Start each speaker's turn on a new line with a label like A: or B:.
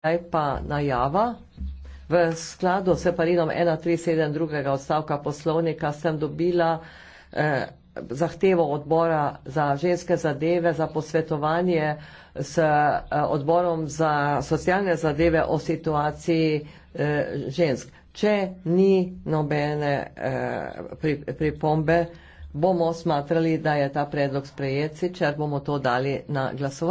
A: Zdaj pa najava. V skladu s parinom 137 drugega odstavka poslovnika sem dobila eh, zahtevo odbora za ženske zadeve za posvetovanje s eh, odborom za socialne zadeve o situaciji eh, žensk. Če ni nobene eh, pripombe, pri bomo smatrali, da je ta predlog sprejet, če bomo to dali na glasovanje.